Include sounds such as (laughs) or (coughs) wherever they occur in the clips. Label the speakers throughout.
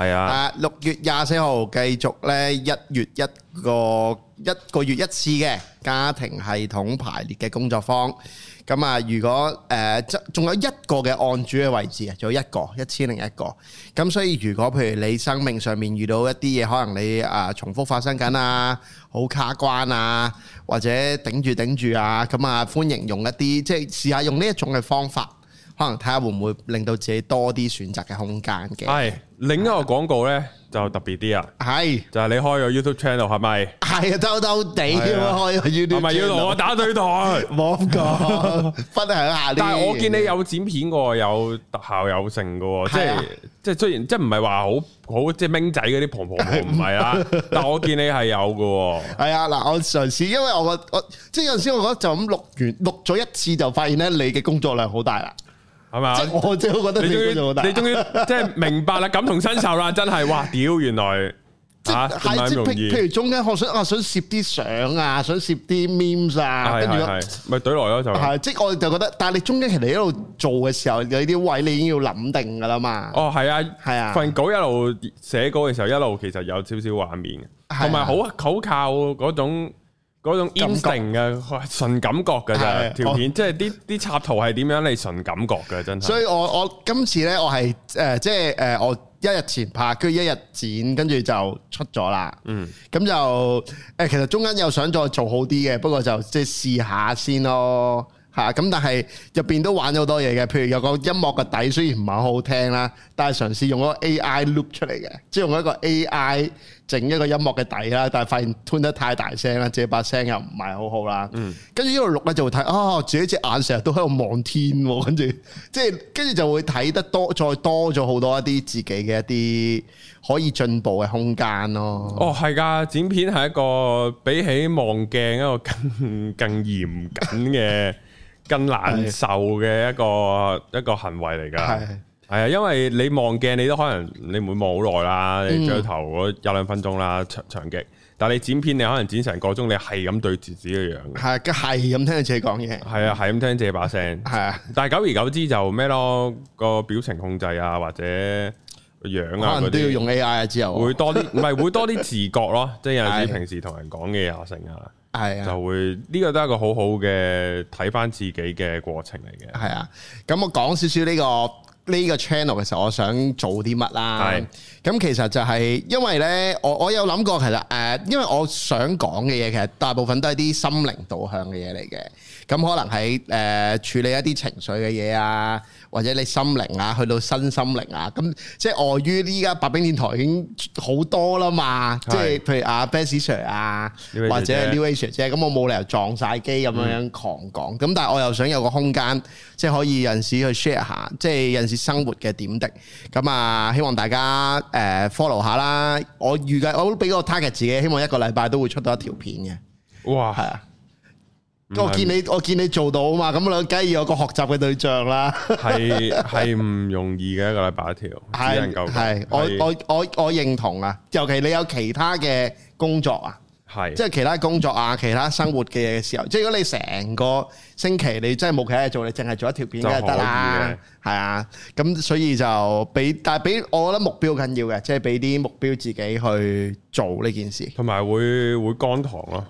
Speaker 1: 係啊！
Speaker 2: 六月廿四號繼續咧，一月一個一個月一次嘅家庭系統排列嘅工作坊。咁啊，如果誒，即、呃、仲有一個嘅案主嘅位置，仲有一個一千零一個。咁所以如果譬如你生命上面遇到一啲嘢，可能你誒、呃、重複發生緊啊，好卡關啊，或者頂住頂住啊，咁啊，歡迎用一啲即係試下用呢一種嘅方法。可能睇下會唔會令到自己多啲選擇嘅空間嘅。
Speaker 1: 係，另一個廣告咧就特別啲啊。係，就係你開個 YouTube channel 係咪？係，偷偷地開個 YouTube。係要同我打對台？冇錯，分享下。但係我見你有剪片嘅，有特效有成嘅，即係即係雖然即係唔係話好好即係明仔嗰啲婆婆婆唔係啊，但我見你係有嘅。
Speaker 2: 係啊，嗱，我嘗試，因為我個我即係有陣時我覺得就咁錄完錄咗一次就發現咧，你嘅工作
Speaker 1: 量好大啦。係嘛？即係我即係覺得你終於，你終於即係明白啦，感同身受啦，真係哇！屌，原來即係咁樣容易。譬如
Speaker 2: 中間我想啊，想攝啲相啊，想攝啲 meme 啊，跟住
Speaker 1: 咪懟來咯就係。
Speaker 2: 即係我就覺得，但係你中間其實一路做嘅時候，有啲位你已經要諗定噶啦嘛。
Speaker 1: 哦，係啊，係啊。份稿一路寫稿嘅時候，一路其實有少少畫面嘅，同埋好好靠嗰種。嗰種感性嘅純感覺嘅咋條片，我 即係啲啲插圖係點樣嚟，純感覺嘅真係。所以
Speaker 2: 我我今次呢，我係誒即係誒我一日前拍，跟住一日剪，跟住就出咗啦。嗯，咁就誒、呃、其實中間又想再做好啲嘅，不過就即係試下先咯吓。咁但係入邊都玩咗好多嘢嘅，譬如有個音樂嘅底，雖然唔係好好聽啦，但係嘗試用個 A I loop 出嚟嘅，即係用一個 A I。整一個音樂嘅底啦，但係發現吞得太大聲啦，自己把聲又唔係好好啦。嗯，跟住一路錄咧就會睇，啊、哦、自己隻眼成日都喺度望天喎，跟住即係跟住就會睇得多，再多咗好多一啲自己嘅一啲可以進步嘅空間咯。
Speaker 1: 哦，係㗎，剪片係一個比起望鏡一個更更嚴謹嘅、 (laughs) 更難受嘅一個的一個行為嚟㗎。係。係啊，因為你望鏡你都可能你唔會望好耐啦，最多頭嗰一兩分鐘啦，長長極。但係你剪片，你可能剪成個鐘，你係咁對住自己嘅樣。
Speaker 2: 係，咁係咁聽自己講嘢。
Speaker 1: 係啊，係咁聽自己把聲。係啊，但係久而久之就咩咯，個表情控制啊，或者樣啊，可能都要用 AI
Speaker 2: 啊，之後會多啲，唔係會多啲自
Speaker 1: 覺咯。即係有陣時平時同人講嘢啊，成啊，係就會呢個都係一個好好嘅睇翻自己嘅過程嚟嘅。係啊，咁我講少少呢個。呢個 channel 嘅時候，我想做啲乜啦？
Speaker 2: 咁係，其實就係因為呢，我我有諗過，其實誒、呃，因為我想講嘅嘢，其實大部分都係啲心靈導向嘅嘢嚟嘅。咁可能係誒、呃、處理一啲情緒嘅嘢啊。或者你心靈啊，去到新心靈啊，咁即係礙於呢家白兵電台已經好多啦嘛，即係的譬如阿 Bass Sir 啊的，或者 New Age 姐，咁我冇理由撞晒機咁樣樣狂講，咁、嗯、但係我又想有個空間，即係可以有陣時去 share 下，即係有陣時生活嘅點滴，咁啊希望大家誒 follow 下啦。我預計我都俾個 target 自己，希望一個禮拜都會出到一條片嘅、嗯。
Speaker 1: 哇！我見
Speaker 2: 你，我見你做到啊嘛，咁啊，梗係有個學習嘅對
Speaker 1: 象啦。係，係唔容易嘅，一個禮拜一條，係係我我
Speaker 2: 我我認同啊。尤其你有其他嘅工作啊，係即係其他工作啊，其他生活嘅嘢嘅時候，即係如果你成個星期你真係冇其他嘢做，你淨係做一條片梗係得啦。係啊，咁所以就俾，但係俾我覺得目標緊要嘅，即係俾啲目標自己去做呢件事。同埋會會乾糖咯。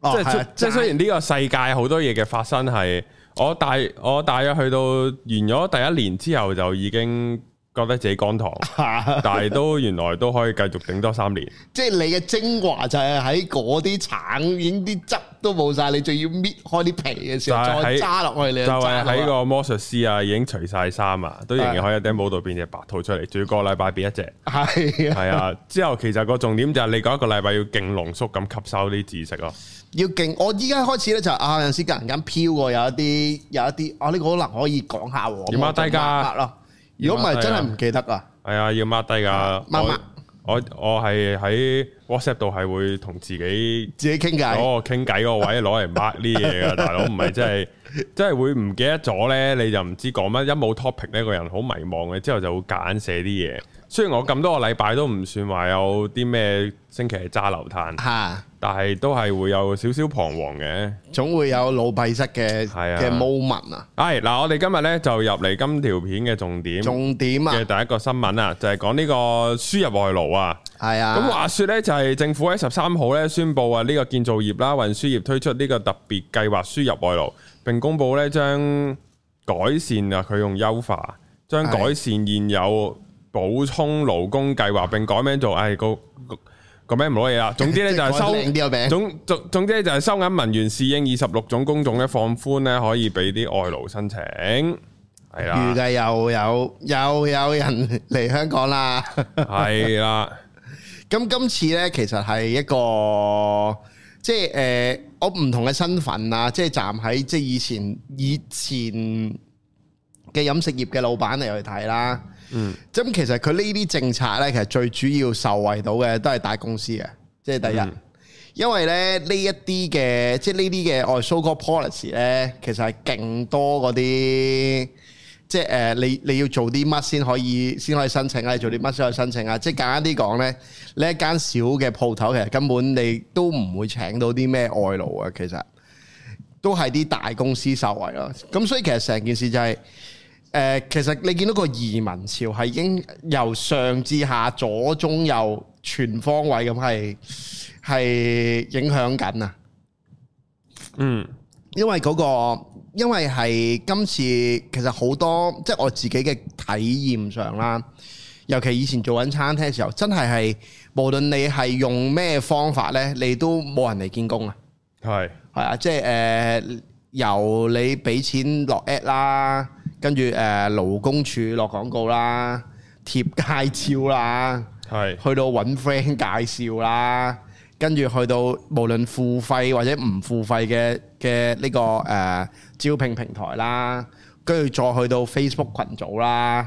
Speaker 1: 即係即係，雖然呢個世界好多嘢嘅發生係，啊、我大我大約去到完咗第一年之後就已經覺得自己乾塘， (laughs) 但係都原來都可以繼續頂多三年。
Speaker 2: 即係你嘅精華就係喺嗰啲橙，已經啲汁都冇晒，你仲要搣開啲皮嘅時候再揸落去，去。你就係喺個
Speaker 1: 魔術師啊，已經除晒衫啊，都仍然可以喺頂帽度變隻白兔出嚟，仲 (laughs) 要個禮拜變一隻。係係啊， (laughs) (laughs) 之後其實個重點就係你嗰一個禮拜要勁濃縮咁吸收啲知識咯。
Speaker 2: 要勁，我依家開始咧就啊，有陣時突然間飄過，有一啲有一啲，啊呢、這個可能可以講下。要 mark 低噶，如
Speaker 1: 果唔係真係唔記得啊。係啊，要 mark 低噶。mark mark、啊，我我係喺 WhatsApp 度係會同自己自己傾偈。哦，傾偈嗰位攞嚟 mark 啲嘢噶大佬，唔係真係真係會唔記得咗咧，你就唔知講乜， (laughs) 一冇 topic 呢個人好迷茫嘅，之後就會夾硬寫啲嘢。雖然我咁多個禮拜都唔算話有啲咩星期係揸流攤，吓、啊，但係都係會有少少彷徨嘅，總會有老弊式嘅嘅 moment 啊。係嗱、啊啊，我哋今日咧就入嚟今條片嘅重點，重點啊，嘅第一個新聞、就是、啊，就係講呢個輸入外勞啊，係啊。咁話說咧，就係政府喺十三號咧宣布啊，呢個建造業啦、運輸業推出呢個特別計劃輸入外勞，並公布咧將改善啊，佢用優化，將改善現,現有。補充勞工計劃並改名做，唉、哎，個個名唔攞嘢啦。總之咧就係收， (laughs) 總總總之就係收銀、文員、侍應，二十六種工種咧放寬咧，可以俾啲外勞申請。係啦，預計又有又有人嚟香港啦。係 (laughs) 啦的，
Speaker 2: 咁 (laughs) 今次咧其實係一個即係誒、呃，我唔同嘅身份啊，即係站喺即係以前以前。以前嘅飲食業嘅老闆嚟去睇啦，嗯，咁其實佢呢啲政策呢，其實最主要受惠到嘅都係大公司嘅，即係第一，嗯、因為咧呢一啲嘅即係呢啲嘅我係 so called policy 咧，其實係勁多嗰啲，即係誒你你要做啲乜先可以先可以申請啊？做啲乜先可以申請啊？即係簡單啲講呢，呢一間小嘅鋪頭其實根本你都唔會請到啲咩外勞啊，其實都係啲大公司受惠咯。咁所以其實成件事就係、是。誒、呃，其實你見到個移民潮係已經由上至下、左中右全方位咁係係影響緊啊！嗯，因、嗰個，因為嗰個因為係今次其實好多，即係我自己嘅體驗上啦。尤其以前做緊餐廳嘅時候，真係係無論你係用咩方法咧，你都冇人嚟見工啊！係係是 啊，即係誒、呃，由你俾錢落 ad 啦。跟住誒，勞工處落廣告啦，貼街招啦，係去到揾 friend 介紹啦，跟住去到無論付費或者唔付費嘅嘅呢個誒招聘平台啦，跟住再去到 Facebook 群組啦，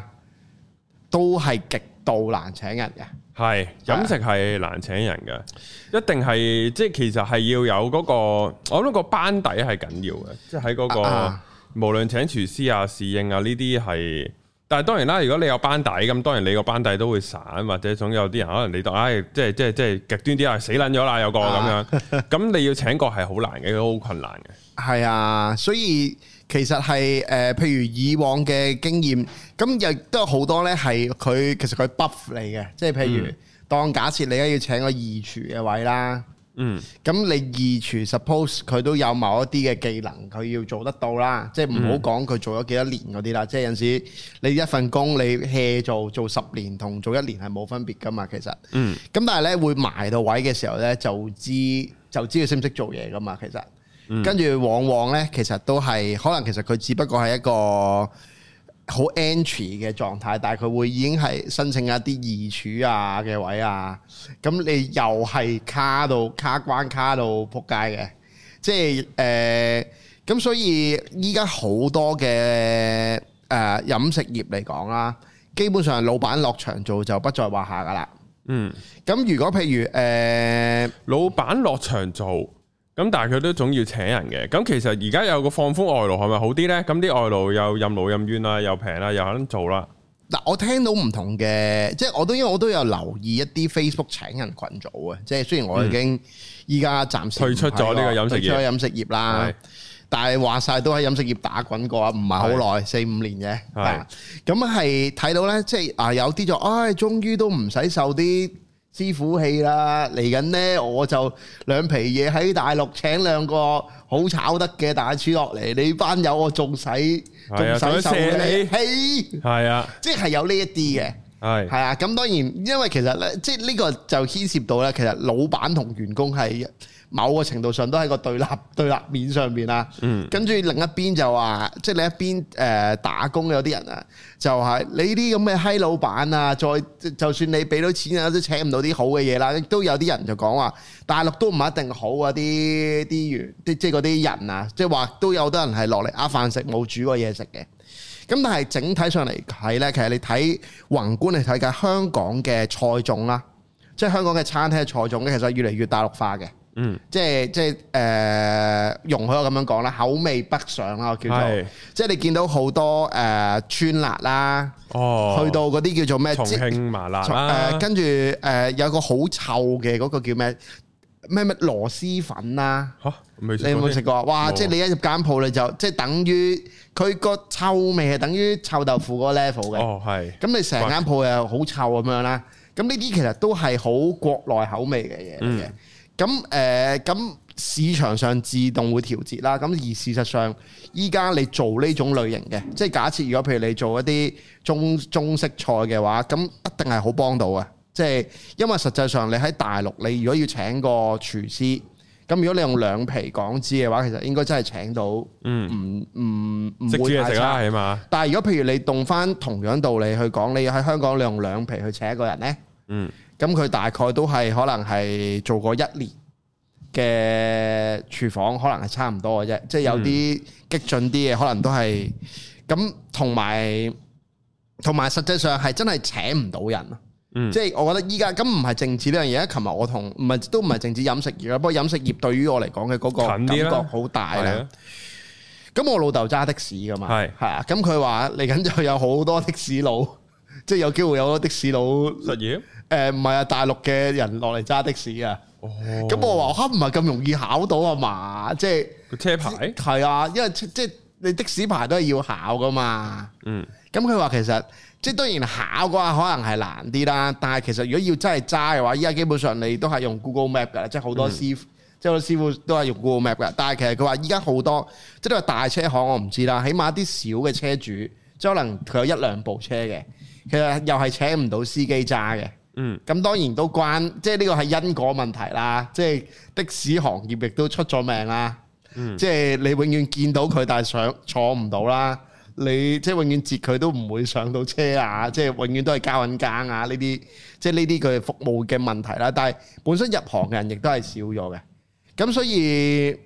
Speaker 2: 都係極度難請人
Speaker 1: 嘅。係飲食係難請人嘅，一定係即係其實係要有嗰個，我諗個班底係緊要嘅，即係喺嗰個。無論請廚師啊、侍應啊，呢啲係，但係當然啦，如果你有班底咁，當然你個班底都會散，或者總有啲人可能你當，唉，即係即係即係極端啲啊，死撚咗啦，有個咁樣，咁 (laughs) 你要請個係好難嘅，都好困難嘅。
Speaker 2: 係啊，所以其實係誒、呃，譬如以往嘅經驗，咁亦都有好多咧，係佢其實佢 buff 嚟嘅，即係譬如、嗯、當假設你而家要請個二廚嘅位啦。嗯，咁你二廚 suppose 佢都有某一啲嘅技能，佢要做得到啦。即係嗯、即係唔好講佢做咗幾多年嗰啲啦。即係有陣時，你一份工你 hea 做做十年同做一年係冇分別㗎嘛，其實。嗯。咁但係咧，會埋到位嘅時候咧，就知就知佢識唔識做嘢㗎嘛，其實。跟住往往咧，其實都係可能其實佢只不過係一個。好 entry 嘅狀態，但係佢會已經係申請一啲二處啊嘅位啊，咁你又係卡到卡關、卡到仆街嘅，即係誒，咁、呃、所以依家好多嘅誒、呃、飲食業嚟講啦，基本上老闆落場做就不在話下
Speaker 1: 㗎喇。嗯，咁如果譬如誒，呃、老闆落場做。咁但係佢都總要請人嘅，咁其實而家有個放寬外勞係咪好啲呢？咁啲外勞又任勞任怨啦，又平啦，又肯做啦。
Speaker 2: 嗱，我聽到唔同嘅，即係我都因為我都有留意一啲 Facebook 請人群組啊，即係雖然我已經依家暫時、嗯、退出咗呢個飲食業飲食業啦，業的但係話晒都喺飲食業打滾過，唔係好耐四五年嘅，係咁係睇到呢，即係啊有啲就唉終於都唔使受啲。師傅氣啦，嚟緊呢，我就兩皮嘢喺大陸請兩個好炒得嘅大廚落嚟，你班友我仲使仲使受你氣？係係啊，即係有呢一啲嘅。係係嘿啊，咁、啊啊、當然因為其實咧，即係呢個就牽涉到咧，其實老闆同員工係。某個程度上都喺個對立對立面上面啦、啊，跟住、嗯、另一邊就話，即係你一邊誒、呃、打工有啲人啊，就係你啲咁嘅閪老闆啊，再就算你俾到錢啊，都請唔到啲好嘅嘢啦，亦都有啲人就講話大陸都唔一定好啊啲啲員，即係啲人啊，即係話都有好多人係落嚟呃飯食冇煮過嘢食嘅。咁但係整體上嚟睇呢，其實你睇宏觀嚟睇嘅香港嘅菜種啦，即係香港嘅餐廳嘅菜種咧，其實越嚟越大陸化嘅。嗯，即係即係誒、呃，容許我咁樣講啦，口味北上啦，我叫做，是即係你見到好多誒川、呃、辣啦，哦，去到嗰啲叫做咩？重慶麻辣、啊，誒、呃，跟住誒有個好臭嘅嗰個叫咩？咩咩螺螄粉啦，
Speaker 1: 吓，你有冇食過啊？哇、嗯，即係你
Speaker 2: 一入間鋪你就，即係等於佢個臭味係等於臭豆腐嗰個 level 嘅，哦係，咁你成間鋪又好臭咁樣啦，咁呢啲其實都係好國內口味嘅嘢嘅。嗯咁誒，咁、呃、市場上自動會調節啦。咁而事實上，依家你做呢種類型嘅，即係假設如果譬如你做一啲中中式菜嘅話，咁一定係好幫到嘅。即係因為實際上你喺大陸，你如果要請個廚師，咁如果你用兩皮港紙嘅話，其實應該真係請到。嗯，唔唔唔會太差起碼。但係如果譬如你用翻同樣道理去講，你喺香港你用兩皮去請一個人呢。嗯。咁佢大概都係可能係做過一年嘅廚房，可能係差唔多嘅啫。即係有啲激進啲嘅，可能都係咁。同埋同埋，實際上係真係請唔到人啊！嗯、即係我覺得依家咁唔係淨止呢樣嘢啊！琴日我同唔係都唔係淨止飲食業啊，不過飲食業對於我嚟講嘅嗰個感覺好大啊！咁我老豆揸的士噶嘛，係係啊！咁佢話嚟緊就有好多的士佬。即係有機會有個的士佬失業？誒唔係啊，大陸嘅人落嚟揸的士啊。咁、哦、我話我嚇唔係咁容易考到啊嘛！即係個車牌？係啊，因為即係你的士牌都係要考噶嘛。嗯，咁佢話其實即係當然考嘅話，可能係難啲啦。但係其實如果要真係揸嘅話，依家基本上你都係用 Google Map 嘅，即係好多師傅，嗯、即係好多師傅都係用 Google Map 嘅。但係其實佢話依家好多即係都係大車行，我唔知啦。起碼啲小嘅車主即係可能佢有一兩部車嘅。其實又係請唔到司機揸嘅，咁、嗯、當然都關，即係呢個係因果問題啦。即係的士行業亦都出咗命啦，嗯、即係你永遠見到佢，但係上坐唔到啦。你即係永遠截佢都唔會上到車啊！即係永遠都係交緊更啊！呢啲即係呢啲佢服務嘅問題啦。但係本身入行嘅人亦都係少咗嘅，咁所以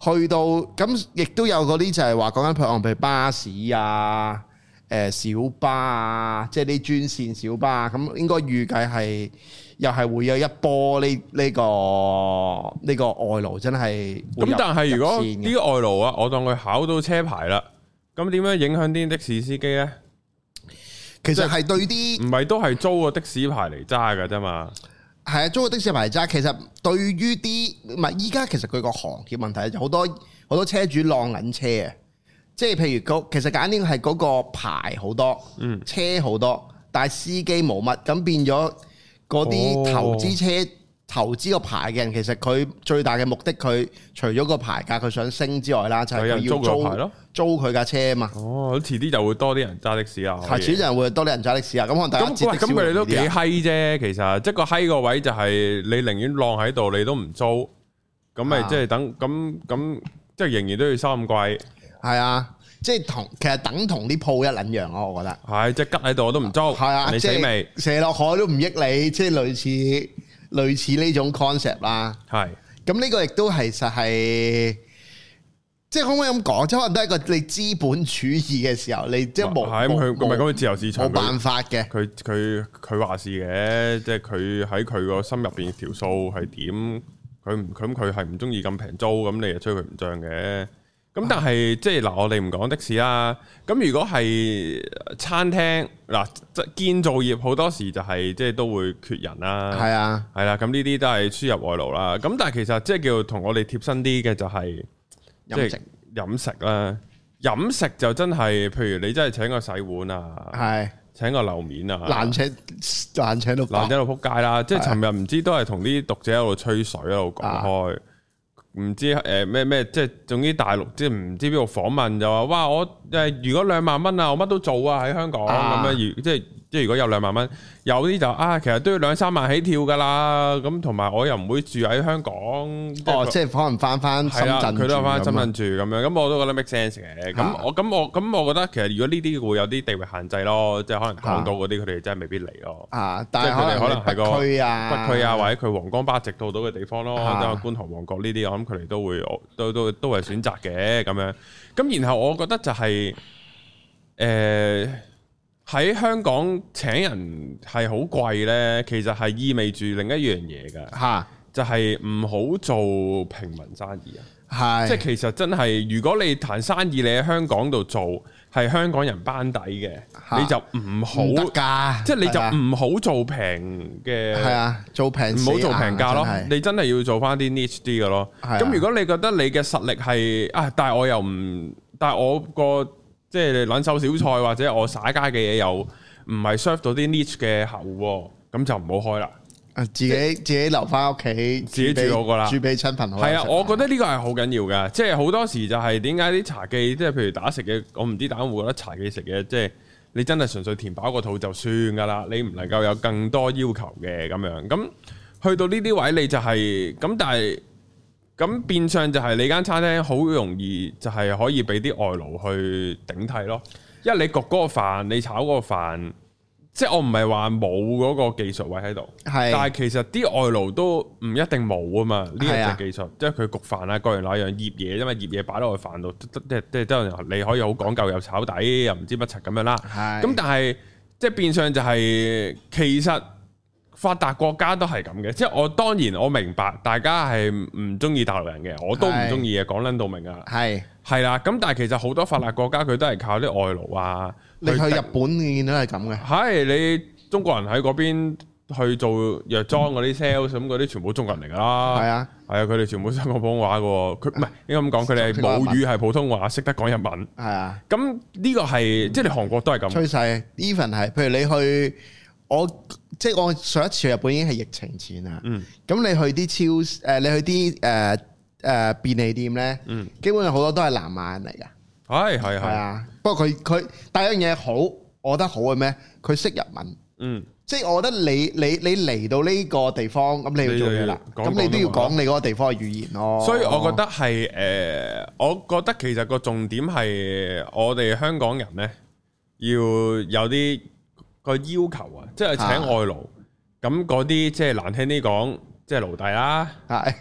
Speaker 2: 去到咁亦都有嗰啲就係話講緊譬如巴士啊。誒小巴啊，即係啲專線小巴，咁應該預計係又係會有一波呢、呢、呢個呢、呢個外勞真係。
Speaker 1: 咁但係如果啲外勞啊，嗯、我當佢考到車牌啦，咁點樣影響啲的士司機呢？其實係對啲唔係都係租個的士牌嚟揸嘅啫嘛。
Speaker 2: 係啊，租個的士牌嚟揸，其實對於啲唔係依家其實佢個行業問題就好多好多車主晾緊車啊。即係譬如嗰、那個，其實簡單啲係嗰個牌好多，嗯、車好多，但係司機冇乜，咁變咗嗰啲投資車、oh. 投資個牌嘅人，其實佢最大嘅目的，佢除咗個牌價佢想升之外啦，就係、是、佢要租，租佢架車啊嘛。
Speaker 1: 哦，遲啲就會多啲人揸的士啊。係，自然
Speaker 2: 會多啲人揸的士啊。咁我但係咁，咁咪、欸、都幾閪
Speaker 1: 啫？其實即係、就是、個閪個位就係你寧願晾喺度，你都唔租，咁咪即係等，咁咁即係仍然都要收咁貴。 (coughs) (coughs) 係啊，
Speaker 2: 即係同其實等同啲鋪一撚樣咯，我覺得
Speaker 1: 係、啊、即係吉喺度我都唔租，係啊，你死未？射落海都唔
Speaker 2: 益你，即係類似類似呢種 concept 啦、啊。係咁呢個亦都係實係，即係可唔可以咁講？即係可，可能都係一個你資本主義嘅時候，你即係冇係咁佢，唔係佢自由市場冇辦法
Speaker 1: 嘅。佢佢佢話事嘅，即係佢喺佢個心入邊條數係點？佢唔咁佢係唔中意咁平租，咁你就吹佢唔漲嘅。咁但係即係嗱，我哋唔講的士啦。咁如果係餐廳嗱，建造業好多時就係即係都會缺人啦。係啊唉，係啦。咁呢啲都係輸入外勞啦。咁但係其實即係、就是、叫同我哋貼身啲嘅就係、是，即係飲食啦。飲食,食就真係，譬如你真係請個洗碗啊，係請個樓面啊，難請難請到難請到撲街啦。即係尋日唔知都係同啲讀者喺度吹水，喺度講開。啊啊唔知誒咩咩，即、呃、係總之大陸即係唔知邊度訪問就話，哇！我誒、呃、如果兩萬蚊啊，我乜都做啊，喺香港咁、啊、樣，即、呃、係。就是即係如果有兩萬蚊，有啲就啊，其實都要兩三萬起跳噶啦。咁同埋我又唔會住喺香港。哦，他即係
Speaker 2: 可能翻翻深圳，佢都有翻深圳
Speaker 1: 住咁樣。咁、嗯、我都覺得 make sense 嘅。咁我咁我咁我覺得其實如果呢啲會有啲地域限制咯，即係可能港島嗰啲佢哋真係未必嚟咯。啊，但即係佢哋可能係個區啊，北區啊，或者佢黃江巴直到到嘅地方咯，啊、即係觀塘旺角呢啲，我諗佢哋都會都都都係選擇嘅咁樣。咁然後我覺得就係、是、誒。呃呃喺香港請人係好貴呢，其實係意味住另一樣嘢嘅，嚇哈就係唔好做平民生意啊，係是即係其實真係如果你談生意，你喺香港度做係香港人班底嘅，哈你就唔好即係你就唔好做平嘅，係啊，做平唔好做平價咯，真你真係要做翻啲 niche 啲嘅咯。咁的如果你覺得你嘅實力係啊，但係我又唔，但係我個。即係你攆手小菜或者我耍街嘅嘢又唔係 serve 到啲 niche 嘅客戶，哦，咁就唔好開啦。
Speaker 2: 啊，自己是自己留翻屋企，自己住嗰個啦，住俾親朋好友。係啊，我
Speaker 1: 覺得呢個係好緊要噶。即係好多時就係點解啲茶記，即係譬如打食嘅，我唔知打唔會覺得茶記食嘅，即係你真係純粹填飽個肚就算噶啦。你唔能夠有更多要求嘅咁樣。咁去到呢啲位你就係、是、咁，但係。咁變相就係你間餐廳好容易就係可以俾啲外勞去頂替咯，因為你焗嗰個飯，你炒嗰個飯，即係我唔係話冇嗰個技術位喺度，是但係其實啲外勞都唔一定冇啊嘛，呢一樣技術，啊、即係佢焗飯啦，各樣各樣醃嘢，因為醃嘢擺落去飯度，即即即即你可以好講究又炒底又唔知乜柒咁樣啦，係是，咁但係即係變相就係其實。發達國家都係咁嘅，即係我當然我明白大家係唔中意大陸人嘅，我都唔中意嘅，講撚到明啊，係係啦。咁但係其實好多發達國家佢都係靠啲外勞啊。你去日
Speaker 2: 本你見到係咁
Speaker 1: 嘅，係你中國人喺嗰邊去做藥妝嗰啲 sales，咁嗰啲全部中國人嚟㗎啦。係啊的，係啊的，佢哋全部識講普通話嘅，佢唔係應該咁講，佢哋係母語係普通話，識得講日文。係啊的，咁呢個係即係你韓國都係咁趨勢。
Speaker 2: Even 係，譬如你去。我即係我上一次去日本已經係疫情前啦。咁、嗯、你去啲超市誒，你去啲誒誒便利店咧，嗯、基本上好多都係南亞人嚟噶。
Speaker 1: 係係係啊，的嗯、
Speaker 2: 不過佢佢但係樣嘢好，我覺得好嘅咩？佢識日文。嗯，即係我覺得你你你嚟到呢個地方，咁你要做嘢啦？咁你都要講你嗰個地方嘅語言咯、啊。所以我覺
Speaker 1: 得係誒、呃，我覺得其實個重點係我哋香港人咧要有啲。個要求啊，即係請外勞，咁嗰啲即係難聽啲講，即係奴隸啦。係，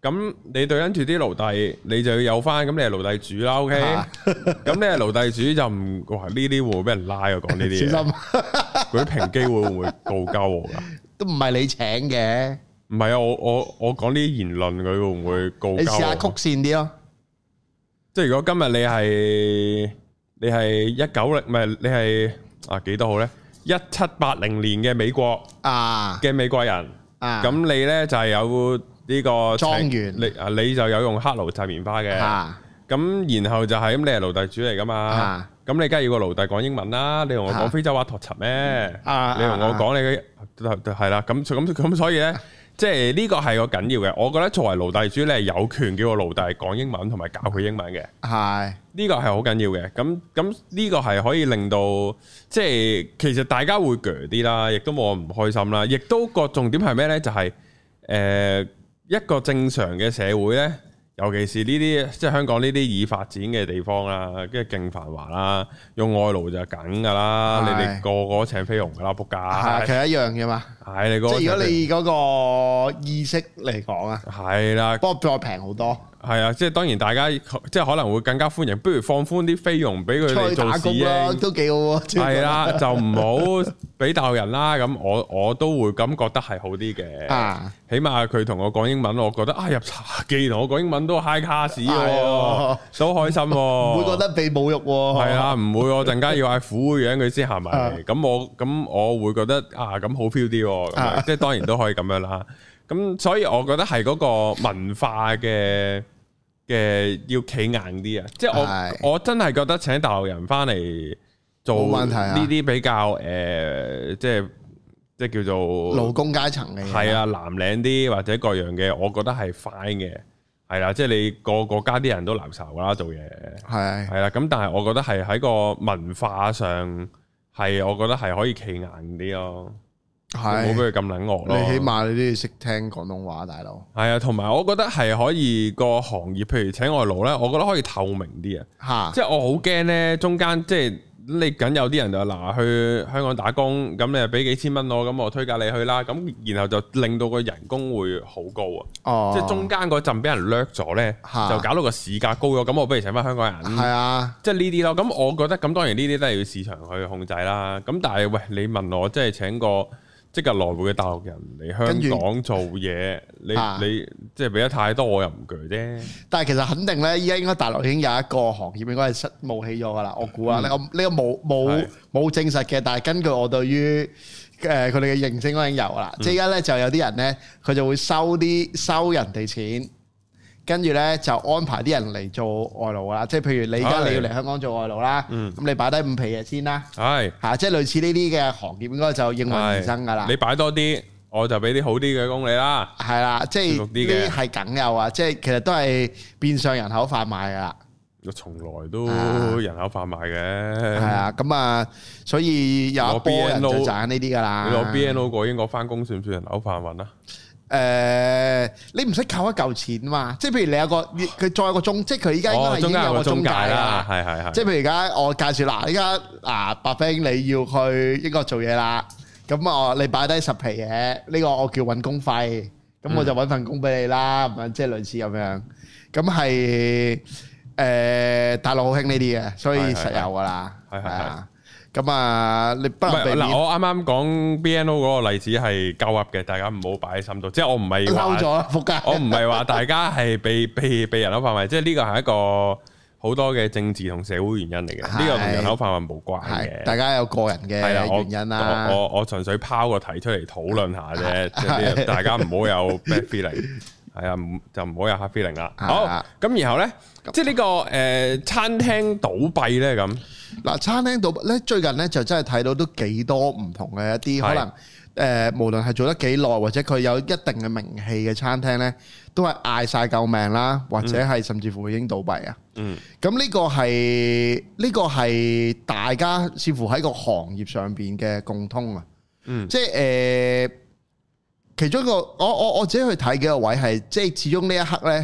Speaker 1: 咁你對緊住啲奴隸，你就要有翻。咁你係奴隸主啦，OK。咁你係奴隸主就唔，哇呢啲會唔會俾人拉啊？講呢啲嘢，小心。嗰啲平機會唔會告交我噶？都唔係你請嘅。唔係啊，我我我講呢啲言論，佢會唔會告？你試下曲線啲咯。即係如果今日你係你係一九零，唔係你係啊幾多號咧？一七八零年嘅美國啊嘅美國人啊，咁你咧就係有呢個莊園，你啊你就有用黑奴摘棉花嘅，咁然後就係咁，你係奴隸主嚟噶嘛，咁你梗係要個奴隸講英文啦，你同我講非洲話托柒咩？啊，啊你同我講你嘅，都係啦，咁咁咁所以咧。即係呢個係個緊要嘅，我覺得作為奴隸主，你係有權叫個奴隸講英文同埋教佢英文嘅。係是，呢個係好緊要嘅。咁咁呢個係可以令到即係其實大家會鋸啲啦，亦都冇咁唔開心啦。亦都個重點係咩呢？就係、是、誒、呃、一個正常嘅社會呢。尤其是呢啲即係香港呢啲已發展嘅地方啦，跟住勁繁華啦，用外勞就梗噶啦，的你哋個個請菲傭㗎啦，仆街，其實一樣嘅嘛。係你嗰即係如果你
Speaker 2: 嗰個意識嚟講啊，
Speaker 1: 係啦的，不過再平好多。係啊，即係當然大家即係可能會更加歡迎，不如放寬啲菲傭俾佢哋做事咧，都
Speaker 2: 幾好、啊。係啦， (laughs) 就唔好
Speaker 1: 俾大陸人啦。咁我我都會咁覺得係好啲嘅。啊、起碼佢同我講英文，我覺得啊入茶記、哎、同我講英文都 high class 喎，哎、呀都開心、啊，唔會覺得
Speaker 2: 被侮辱。係啊，唔
Speaker 1: 會我陣間要嗌苦嘅樣佢先係咪？咁、啊、我咁我會覺得啊咁好 feel 啲、啊，即係當然都可以咁樣啦。 (laughs) (laughs) 咁所以，我覺得係嗰個文化嘅嘅 (laughs) 要企硬啲啊！即係的我我真係覺得請大陸人翻嚟做冇問題啊！呢啲、啊、比較誒，即係即係叫做勞工階層嘅係啊，南領啲或者各樣嘅，我覺得係 fine 嘅係啦。即係、就是、你個國家啲人都流愁啦，做嘢係係啦。咁的但係我覺得係喺個文化上係，我覺得係可以企硬啲咯。
Speaker 2: 係，冇俾佢咁
Speaker 1: 冷我咯。你起碼
Speaker 2: 你都要識聽廣東話，大佬。
Speaker 1: 係啊，同埋我覺得係可以個行業，譬如請外勞咧，我覺得可以透明啲啊。吓哈，即係我好驚咧，中間即係你梗有啲人就嗱去香港打工，咁你又俾幾千蚊我，咁我推介你去啦。咁然後就令到個人工會好高啊。哦，即係中間嗰陣俾人掠咗咧，哈就搞到個市價高咗。咁我不如請翻香港人。係啊，即係呢啲咯。咁我覺得咁當然呢啲都係要市場去控制啦。咁但係喂，你問我即係請個。即係來回嘅大陸人嚟香港做嘢，你你即係俾得太多，我又唔攰啫。
Speaker 2: 但係其實肯定咧，依家應該大陸已經有一個行業應該係失冒起咗噶啦。我估啊，呢、嗯、個呢個冇冇冇證實嘅，但係根據我對於誒佢哋嘅認知，應該有啦。即係依家咧就有啲人咧，佢就會收啲收人哋錢，跟住咧就安排啲人嚟做外勞啦，即係譬如你而家你要嚟香港做外勞啦，咁、嗯、你擺低五皮嘢先啦，係吓是，即係類似呢啲嘅行業應該就應運而生噶啦。你
Speaker 1: 擺多啲，我就俾啲好啲嘅工你啦。係啦，即係呢啲係梗有啊，即係其實
Speaker 2: 都係變相人口販賣噶啦。
Speaker 1: 我從來都人口販賣嘅。係啊，
Speaker 2: 咁啊，所以有一波人就賺呢啲噶啦。BNO，你攞 BNO 過英
Speaker 1: 國應該翻工算唔算人口販運啊？
Speaker 2: 誒、呃，你唔使扣一嚿錢嘛，即係譬如你有個佢再有個中，噢即係佢依家應該係已經有個中介啦，係係係。嗯嗯嗯、即係譬如而家我介紹啦，而家嗱，白、啊、兵你要去英國做嘢啦，咁我你擺低十皮嘢，呢、呢個我叫揾工費，咁我就揾份工俾你啦，唔係即係類似咁樣，咁係誒大陸好興呢啲嘅，所以實有噶啦，
Speaker 1: 係係啊。
Speaker 2: 咁啊，你
Speaker 1: 不能嗱，我啱啱講 BNO 嗰個例子係鳩噏嘅，大家唔好擺喺心度。即係我唔係嬲咗，我唔係話大家係被被被人口範圍，即係呢個係一個好多嘅政治同社會原因嚟嘅，呢是個同人口範圍無關嘅。
Speaker 2: 大家有個人嘅原因啦、啊。我
Speaker 1: 我純粹拋個題出嚟討論下啫，大家唔好有 bad feeling，係啊，就唔好有 hard feeling 啦。好，咁然後咧，即係、這、呢個誒餐廳倒閉咧咁。呃嗯嗯嗯
Speaker 2: 嗱，餐廳度咧最近咧就真係睇到都幾多唔同嘅一啲是可能，誒、呃、無論係做得幾耐或者佢有一定嘅名氣嘅餐廳咧，都係嗌晒救命啦，或者係甚至乎已經倒閉啊。嗯，咁呢個係呢、呢個係大家似乎喺個行業上邊嘅共通啊。嗯，即係誒、呃，其中一個我我我自己去睇幾個位係即係始終呢一刻咧，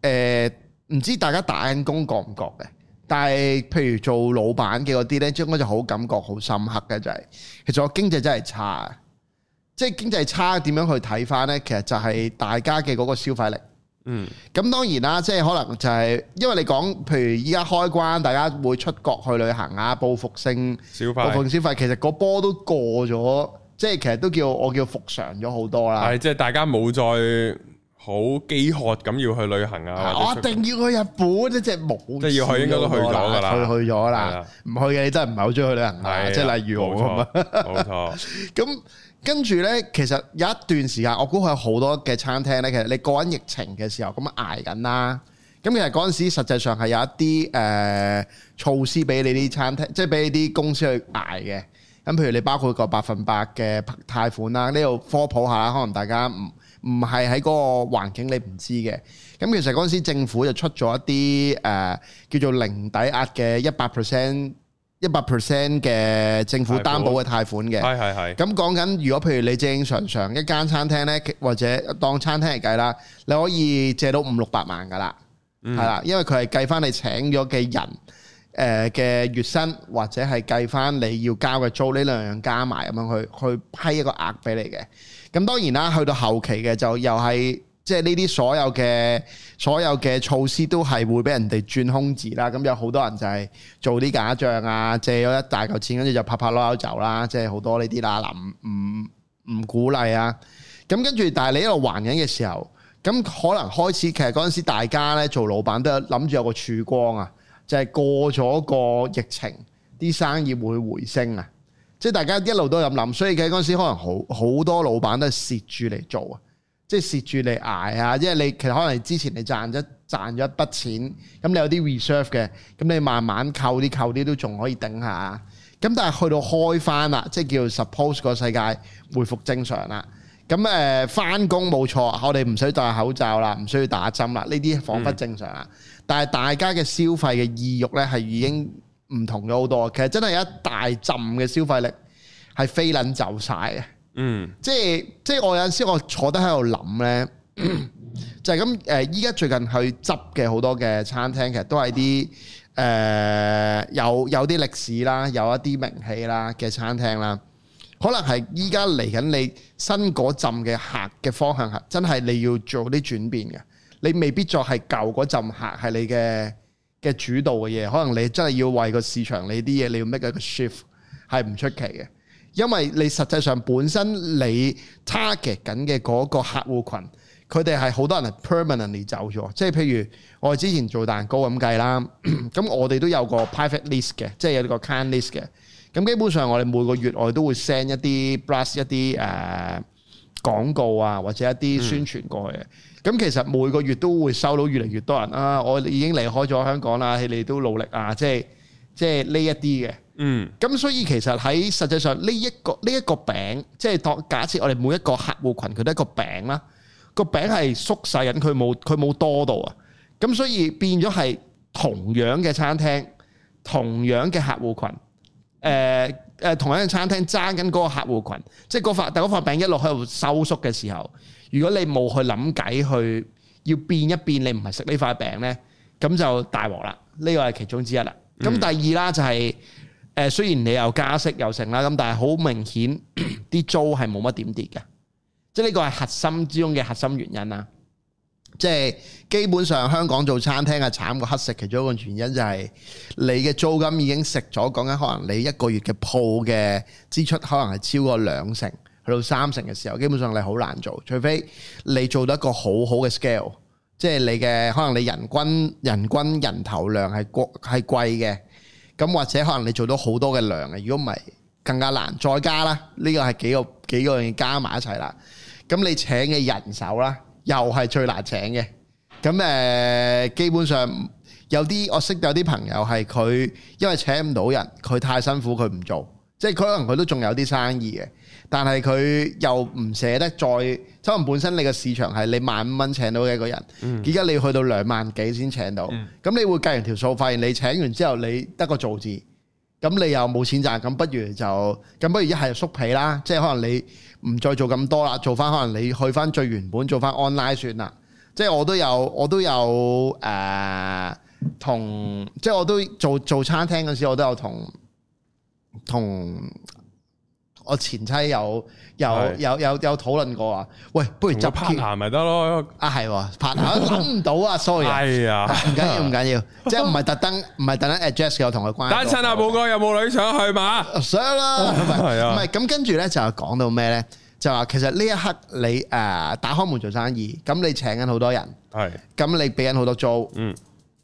Speaker 2: 誒、呃、唔知大家打緊工有有覺唔覺嘅？但係，譬如做老闆嘅嗰啲呢，將嗰就好感覺好深刻嘅就係、是，其實個經濟真係差，即係經濟差點樣去睇返呢？其實就係大家嘅嗰個消費力，嗯，咁當然啦，即係可能就係、是、因為你講，譬如依家開關，大家會出國去旅行啊，報復性消費，消費，其實個波都過咗，即係其實都叫我叫復常咗好多啦。係，即、就、係、
Speaker 1: 是、大家冇再，好飢渴咁要去旅行啊！我一定
Speaker 2: 要去日本，即係冇。即係要去，應該都去咗啦。去去
Speaker 1: 咗啦，唔
Speaker 2: 去嘅你真係唔係好中意去旅行啊！即係例如我咁啊，冇錯。咁跟住咧，其實有一段時間，我估佢好多嘅餐廳咧，其實你過緊疫情嘅時候咁捱緊啦。咁其實嗰陣時，實際上係有一啲誒措施俾你啲餐廳，即係俾你啲公司去捱嘅。咁譬如你包括個百分百嘅貸款啦，呢度科普下，可能大家唔。唔係喺嗰個環境你唔知嘅，咁其實嗰陣時政府就出咗一啲誒、呃、叫做零抵押嘅一百 percent、一百 percent 嘅政府擔保嘅貸款嘅，係係係。咁講緊如果譬如你正常上一間餐廳呢，或者當餐廳嚟計啦，你可以借到五六百萬噶啦，係啦，因為佢係計翻你請咗嘅人誒嘅月薪，或者係計翻你要交嘅租呢兩樣加埋咁樣去去批一個額俾你嘅。咁當然啦，去到後期嘅就又係即係呢啲所有嘅所有嘅措施都係會俾人哋轉空置啦。咁有好多人就係做啲假象啊，借咗一大嚿錢，跟住就拍拍攞走啦。即係好多呢啲啦，嗱唔唔唔鼓勵啊。咁跟住，但係你一度還緊嘅時候，咁可能開始其實嗰陣時大家咧做老闆都諗住有個曙光啊，就係過咗個疫情，啲生意會回升啊。即係大家一路都咁諗，所以佢嗰陣時可能好好多老闆都係蝕住嚟做啊，即係蝕住嚟捱啊，因為你其實可能之前你賺咗賺咗一筆錢，咁你有啲 reserve 嘅，咁你慢慢扣啲扣啲都仲可以頂下。咁但係去到開翻啦，即係叫 suppose 個世界回復正常啦。咁誒翻工冇錯，我哋唔使戴口罩啦，唔需要打針啦，呢啲彷彿正常啦。嗯、但係大家嘅消費嘅意欲呢，係已經～唔同嘅好多，其實真係一大浸嘅消費力係飛撚走晒嘅。
Speaker 1: 嗯，
Speaker 2: 即係即係我有陣時我坐得喺度諗呢，就係咁誒。依家最近去執嘅好多嘅餐廳，其實都係啲誒有有啲歷史啦，有一啲名氣啦嘅餐廳啦。可能係依家嚟緊你新嗰陣嘅客嘅方向係真係你要做啲轉變嘅，你未必再係舊嗰陣客係你嘅。嘅主導嘅嘢，可能你真係要為個市場你啲嘢，你要 make 一個 shift 係唔出奇嘅。因為你實際上本身你 target 緊嘅嗰個客戶群，佢哋係好多人係 permanently 走咗，即係譬如我哋之前做蛋糕咁計啦，咁 (coughs) 我哋都有個 private list 嘅，即係有個 can list 嘅，咁基本上我哋每個月我哋都會 send 一啲 blast 一啲誒、uh, 廣告啊，或者一啲宣傳過去嘅。嗯咁其實每個月都會收到越嚟越多人啊！我已經離開咗香港啦，你哋都努力啊，即係即係呢一啲嘅。嗯。咁所以其實喺實際上呢一個呢一個餅，即係當假設我哋每一個客戶群佢都一個餅啦，個餅係縮細緊，佢冇佢冇多到啊。咁所以變咗係同樣嘅餐廳，同樣嘅客戶群，誒、呃、誒、呃，同樣嘅餐廳爭緊嗰個客戶群，即係嗰塊但嗰塊餅一路喺度收縮嘅時候。如果你冇去諗計去要變一變，你唔係食呢塊餅呢，咁就大鑊啦。呢個係其中之一啦。咁、嗯、第二啦就係、是，誒雖然你又加息又成啦，咁但係好明顯啲 (coughs) 租係冇乜點跌嘅，即係呢個係核心之中嘅核心原因啦。即係基本上香港做餐廳係慘過黑食，其中一個原因就係、是、你嘅租金已經食咗，講緊可能你一個月嘅鋪嘅支出可能係超過兩成。去到三成嘅時候，基本上你好難做，除非你做到一個好好嘅 scale，即係你嘅可能你人均人均人頭量係高係貴嘅，咁或者可能你做到好多嘅量嘅，如果唔係更加難再加啦。呢、這個係幾個幾個嘢加埋一齊啦。咁你請嘅人手啦，又係最難請嘅。咁誒、呃，基本上有啲我識有啲朋友係佢因為請唔到人，佢太辛苦佢唔做。即係可能佢都仲有啲生意嘅，但係佢又唔捨得再。可能本身你個市場係你萬五蚊請到嘅一個人，而家、嗯、你去到兩萬幾先請到。咁、嗯、你會計完條數，發現你請完之後你得個做字，咁你又冇錢賺，咁不如就咁不如一係縮皮啦。即係可能你唔再做咁多啦，做翻可能你去翻最原本做翻 online 算啦。即係我都有我都有誒、呃、同，即係我都做做餐廳嗰時，我都有同。同我前妻有有有有有討論過啊！喂，不如執攀談
Speaker 1: 咪得咯？啊係，攀
Speaker 2: 談諗唔到啊，sorry，係啊，唔緊要唔緊要，即係唔係特登唔係特登 address 嘅我同佢關係。單身
Speaker 1: 阿寶哥有冇女想去嘛？想啦，係啊，唔係。
Speaker 2: 咁跟住咧就講到咩咧？就話其實呢一刻你誒打開門做生意，咁你請緊好多人，係咁你俾緊好多租，嗯，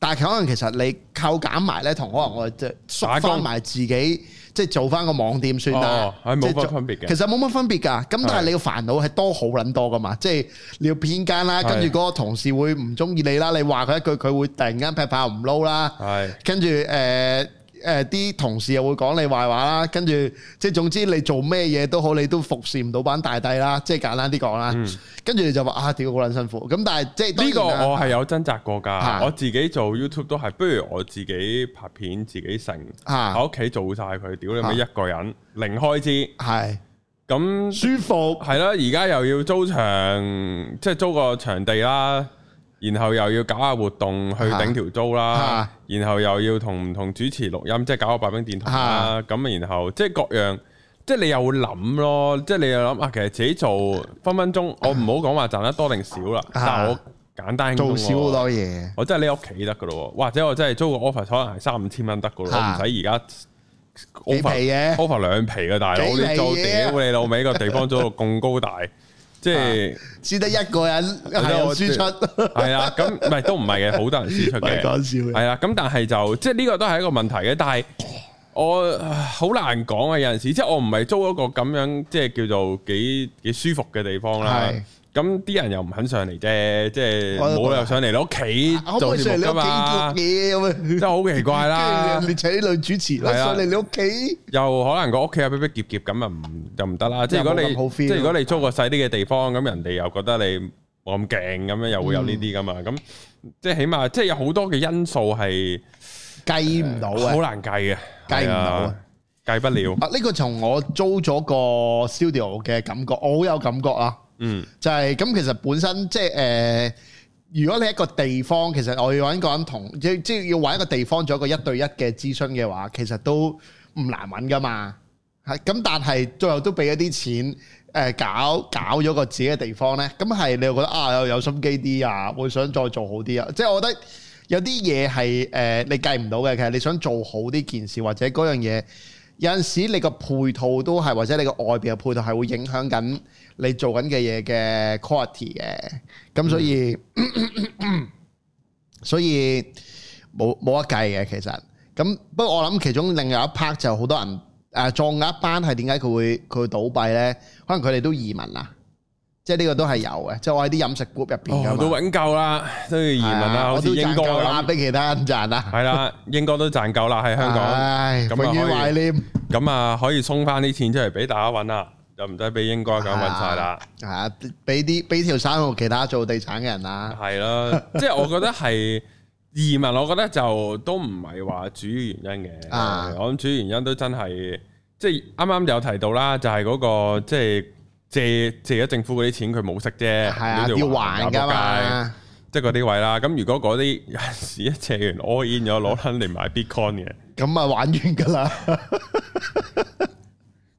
Speaker 2: 但係可能其實你扣減埋咧，同可能我即係縮埋自己。即係做翻個網店算啦，哦、其實冇乜分別嘅。其實冇乜分別噶，咁但係你要煩惱係多好撚多噶嘛，是的 即係你要偏間啦，跟住嗰個同事會唔中意你啦，你話佢一句佢會突然間劈炮唔撈啦，跟住誒。呃誒啲、呃、同事又會講你壞話啦，跟住即係總之你做咩嘢都好，你都服侍唔到班大帝啦，即係簡單啲講啦。嗯、跟住你就話啊，屌好撚辛苦。咁但係即係呢個我係有掙
Speaker 1: 扎過㗎，的我自己做 YouTube 都係不如我自己拍片自己成，喺屋企做晒佢的，屌你咪一個人零開支，係咁的那舒服。係啦，而家又要租場，即係租個場地啦。然後又要搞下活動去頂條租啦，啊、然後又要同唔同主持錄音，即、就、係、是、搞個白兵電台啦。咁、啊、然後即係各樣，即係你又會諗咯，即係你又諗啊。其實自己做分分鐘，我唔好講話賺得多定少啦。但係、啊、我簡單做少好多嘢，我真係匿屋企得噶咯。或者我真係租個 office 可能係三五千蚊得噶咯，唔使而家 office 兩皮嘅大佬，你租地好你老味個地方租，租到咁高大。 (laughs) 即係、就是啊、只得一個人係、啊、輸出係 (laughs) 啊，咁唔係都唔係嘅，好多人輸出嘅講笑係啊。咁但係就即係呢個都係一個問題嘅，但係我好難講啊。有陣時即係我唔係租一個咁樣即係叫做幾幾舒服嘅地方啦。咁啲人又唔肯上嚟啫，即係冇又上嚟你屋企做節目啊！咁啊，
Speaker 2: 真係好奇怪啦！你請女主持嚟上嚟你
Speaker 1: 屋企，又可能個屋企啊，逼逼夾夾咁啊，唔就唔得啦！即係如果你即係如果你租個細啲嘅地方，咁人哋又覺得你冇咁勁，咁樣又會有呢啲噶嘛。咁即係起碼，即係有好多嘅因素係計唔到啊，好難計啊，計唔到，計不了啊！呢
Speaker 2: 個從我租咗個 studio 嘅感覺，我好有感覺啊！嗯，就係咁。其實本身即係誒，如果你一個地方，其實我要揾個人同即係要揾一個地方做一個一對一嘅諮詢嘅話，其實都唔難揾噶嘛。係咁，但係最後都俾一啲錢誒，搞搞咗個自己嘅地方呢。咁係你又覺得啊有，有心機啲啊，會想再做好啲啊。即係我覺得有啲嘢係誒，你計唔到嘅。其實你想做好啲件事或者嗰樣嘢，有陣時你個配套都係，或者你個外邊嘅配套係會影響緊。你做緊嘅嘢嘅 quality 嘅，咁所以、嗯、 (coughs) 所以冇冇得計嘅其實，咁不過我諗其中另外一 part 就好多人誒、啊、撞一班係點解佢會佢會倒閉咧？可能佢哋都移民啦，即係呢個都係有嘅。即、就、係、是、我喺啲飲食 group 入邊，我都
Speaker 1: 揾夠啦，都要移民啦，哎、好似英該啦，
Speaker 2: 俾其他人賺
Speaker 1: 啦，係 (laughs) 啦，英國都賺夠啦，喺香港，咁永遠懷念，咁啊可以充翻啲錢出嚟俾大家揾啦。就唔使俾應該搞混晒啦，
Speaker 2: 係俾啲俾條生路其他做地產嘅人啦、啊。
Speaker 1: 係咯的， (laughs) 即係我覺得係移民，我覺得就都唔係話主要原因嘅。啊、我諗主要原因都真係，即係啱啱有提到啦、嗰個，就係、係、嗰、嗰個即係借借咗政府嗰啲錢，佢冇息啫，係啊，要還㗎嘛，即係嗰啲位啦。咁如果嗰啲人士一借完 all in 咗，攞翻嚟買 Bitcoin 嘅，咁啊玩完㗎啦。 (laughs)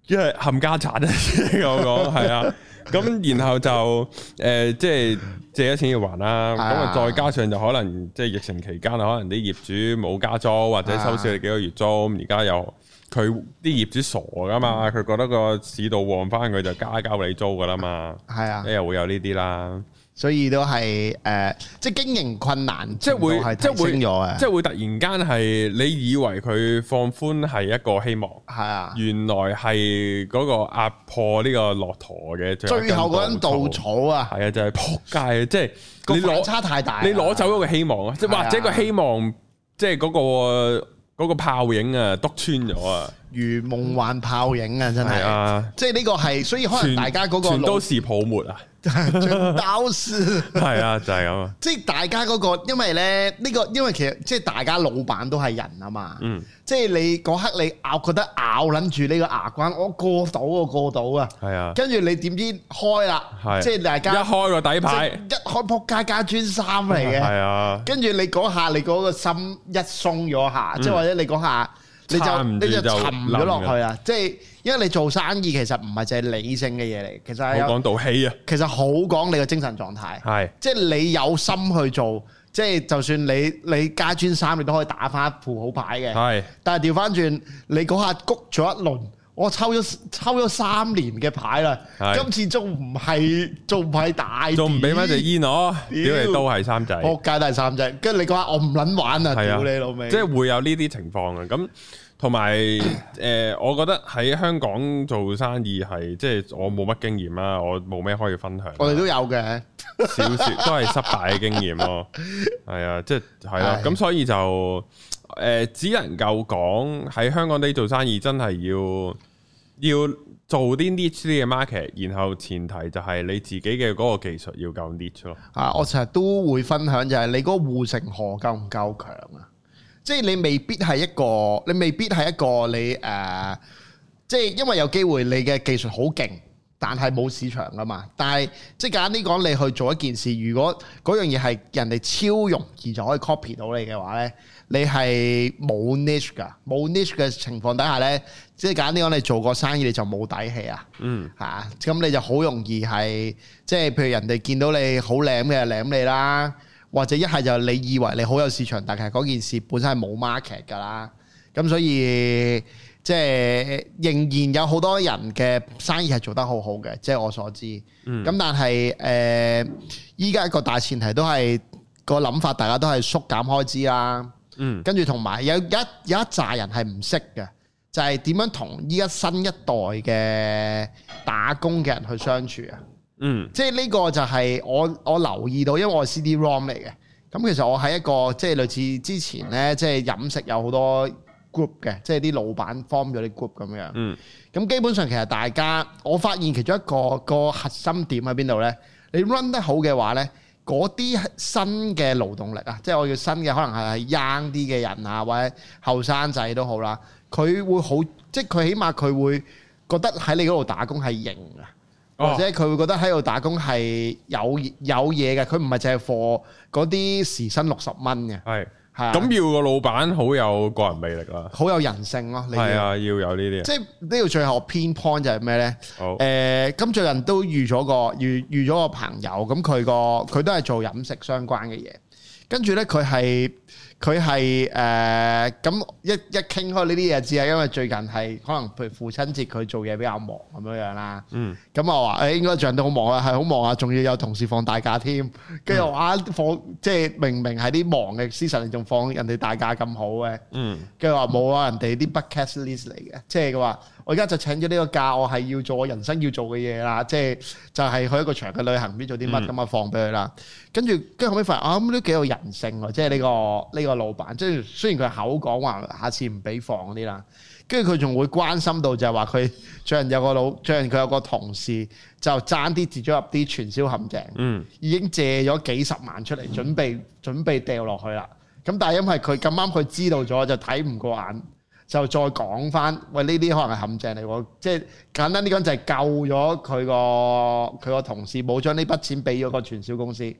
Speaker 1: 因為冚家鏟。 (laughs) (laughs) 啊，我講係啊，咁然後就誒，即、呃、係、就是、借咗錢要還啦，咁啊 (laughs) 再加上就可能即係、就是、疫情期間可能啲業主冇加租或者收少你幾個月租，咁而家又。佢啲業主傻噶嘛？佢覺得個市道旺翻，佢就加交你租噶啦嘛。係啊，又會有呢啲啦。
Speaker 2: 所以都係誒，即係經營困難，即係會即係升咗嘅，
Speaker 1: 即係會突然間係你以為佢放寬係一個希望，係啊，原來係嗰個壓破呢個駱駝嘅最後嗰根稻草啊。係啊，就係扑街啊！即係你攞，落差太大，你攞走咗個希望啊！即係或者個希望，即係嗰個。嗰個泡影啊，督穿咗啊！如夢幻泡影啊，真係啊，即係呢個係，所以可能大家嗰個全都是泡沫啊，
Speaker 2: 全都係
Speaker 1: 啊，就係咁啊，
Speaker 2: 即係大家嗰個，因為咧呢個，因為其實即係大家老闆都係人啊嘛，嗯，即係你嗰刻你咬覺得咬捻住呢個牙關，我過到啊，過到啊，係啊，跟住你點知開啦，即係大家一開個底牌，一開扑街，加磚衫嚟嘅，係啊，跟住你講下，你嗰個心一鬆咗下，即係或者你講下。你就不你就沉咗落去啊，即係，因為你做生意其實唔係淨係理性嘅嘢嚟，其實係講賭氣啊，其實好講你個精神狀態，係，即係你有心去做，即係，就算你你加磚三，你都可以打翻一副好牌嘅，係，是的 但係調翻轉，你嗰下谷咗一輪。我抽咗抽咗三年嘅牌啦，是今次仲唔係仲唔係大，仲唔俾翻隻煙我？屌， (laughs) 都係三仔，仆街 (laughs) 都係三仔。跟住你話我唔捻玩啊！屌你、啊、老味美，即係
Speaker 1: 會有呢啲情況嘅。咁同埋誒，我覺得喺香港做生意係，即、就、係、是、我冇乜經驗啦，我冇咩可以分享。我哋都有嘅，少少都係失敗嘅經驗咯。係 (laughs) 啊，即係係啦。咁、啊 (laughs) 啊、所以就誒，只能夠講喺香港呢做生意真係要。要做啲 niche 嘅 market，然後前提就係你自己嘅嗰個技術要夠 niche 咯。
Speaker 2: 啊，我成日都會分享就係你嗰個護城河夠唔夠強啊？即係你未必係一個，你未必係一個你誒、啊，即係因為有機會你嘅技術好勁，但係冇市場噶嘛。但係即係簡單啲講，你去做一件事，如果嗰樣嘢係人哋超容易就可以 copy 到你嘅話呢。你係冇 niche 噶，冇 niche 嘅情況底下呢，即係簡單啲講，你做個生意你就冇底氣啊。嗯。嚇，咁你就好容易係，即係譬如人哋見到你好舐嘅舐你啦，或者一係就你以為你好有市場，但係嗰件事本身係冇 market 㗎啦。咁所以即係、就是、仍然有好多人嘅生意係做得好好嘅，即、就、係、是、我所知。咁、嗯、但係誒，依、呃、家一個大前提都係、那個諗法，大家都係縮減開支啦。嗯，跟住同埋有一有一紮人係唔識嘅，就係、是、點樣同依家新一代嘅打工嘅人去相處啊？嗯，即係呢個就係我我留意到，因為我係 C D R O M 嚟嘅。咁其實我喺一個即係類似之前呢，即係飲食有好多 group 嘅，即係啲老闆 form 咗啲 group 咁樣。嗯，咁基本上其實大家，我發現其中一個一個核心點喺邊度呢？你 run 得好嘅話呢。嗰啲新嘅勞動力啊，即係我要新嘅，可能係 young 啲嘅人啊，或者後生仔都好啦。佢會好，會即係佢起碼佢會覺得喺你嗰度打工係型啊，哦、或者佢會覺得喺度打工係有有嘢嘅，佢唔係淨係貨嗰啲時薪六十蚊嘅。咁要個老闆好有個人魅力啊，好 (noise) 有人性咯、啊，係啊，
Speaker 1: 要有呢啲，即
Speaker 2: 係呢個最後偏 point 就係咩咧？好、oh. 呃，誒，咁最近都遇咗個遇遇咗個朋友，咁佢個佢都係做飲食相關嘅嘢，跟住咧佢係。佢係誒咁一一傾開呢啲嘢知啊，因為最近係可能佢父親節佢做嘢比較忙咁樣樣啦。嗯。咁我話誒應該人人都好忙啊，係好忙啊，仲要有同事放大假添。跟住我話放即係明明係啲忙嘅事情，你仲放人哋大假咁好嘅。嗯。跟住話冇啊，人哋啲 bucket list 嚟嘅，即係佢話我而家就請咗呢個假，我係要做我人生要做嘅嘢啦，即係就係去一個長嘅旅行，邊做啲乜咁啊放俾佢啦。跟住跟住後尾發現啊，咁都幾有人性喎，即係呢個呢個。個老闆，即係雖然佢口講話下次唔俾放嗰啲啦，跟住佢仲會關心到就係話佢最近有個老，最近佢有個同事就爭啲跌咗入啲傳銷陷阱，嗯，已經借咗幾十萬出嚟準備準備掉落去啦。咁但係因為佢咁啱佢知道咗，就睇唔過眼，就再講翻，喂，呢啲可能係陷阱嚟喎。即係簡單啲講就係救咗佢個佢個同事，冇將呢筆錢俾咗個傳銷公司。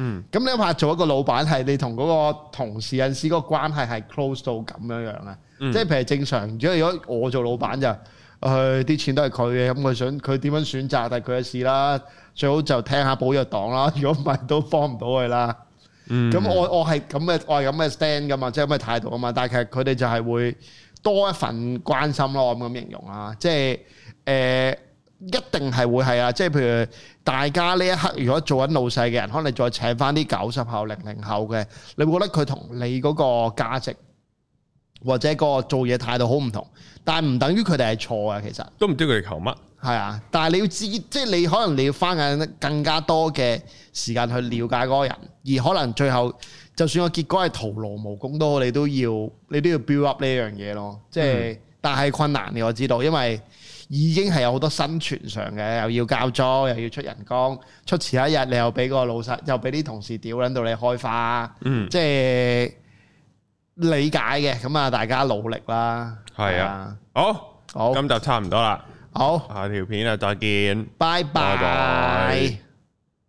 Speaker 2: 嗯，咁你怕做一個老闆係你同嗰個同事有時個關係係 close 到咁樣樣啊？嗯、即係譬如正常，如果我做老闆就，佢、呃、啲錢都係佢嘅，咁佢想佢點樣選擇係佢嘅事啦。最好就聽下寶藥黨啦，如果唔係都幫唔到佢啦。咁、嗯、我我係咁嘅我係咁嘅 stand 噶嘛，即係咁嘅態度啊嘛。但係其實佢哋就係會多一份關心咯，我咁形容啊，即係誒。呃一定係會係啊！即係譬如大家呢一刻，如果做緊老細嘅人，可能你再請翻啲九十後零零後嘅，你會覺得佢同你嗰個價值或者個做嘢態度好唔同，但係唔等於佢哋係錯嘅。其實都唔知佢哋求乜。係啊，但係你要知，即係你可能你要花眼更加多嘅時間去了解嗰個人，而可能最後就算個結果係徒勞無功都好，你都要你都要 build up 呢樣嘢咯。即係、嗯，但係困難你我知道，因為。已經係有好多生存上嘅，又要交租，又要出人工，出遲一日你又俾個老實，又俾啲同事屌，撚到你開花，嗯，即係理解嘅，咁啊大家努力啦，
Speaker 1: 係啊，好、啊哦、好，咁就差唔多啦，好，好下條片啊，再見拜拜！e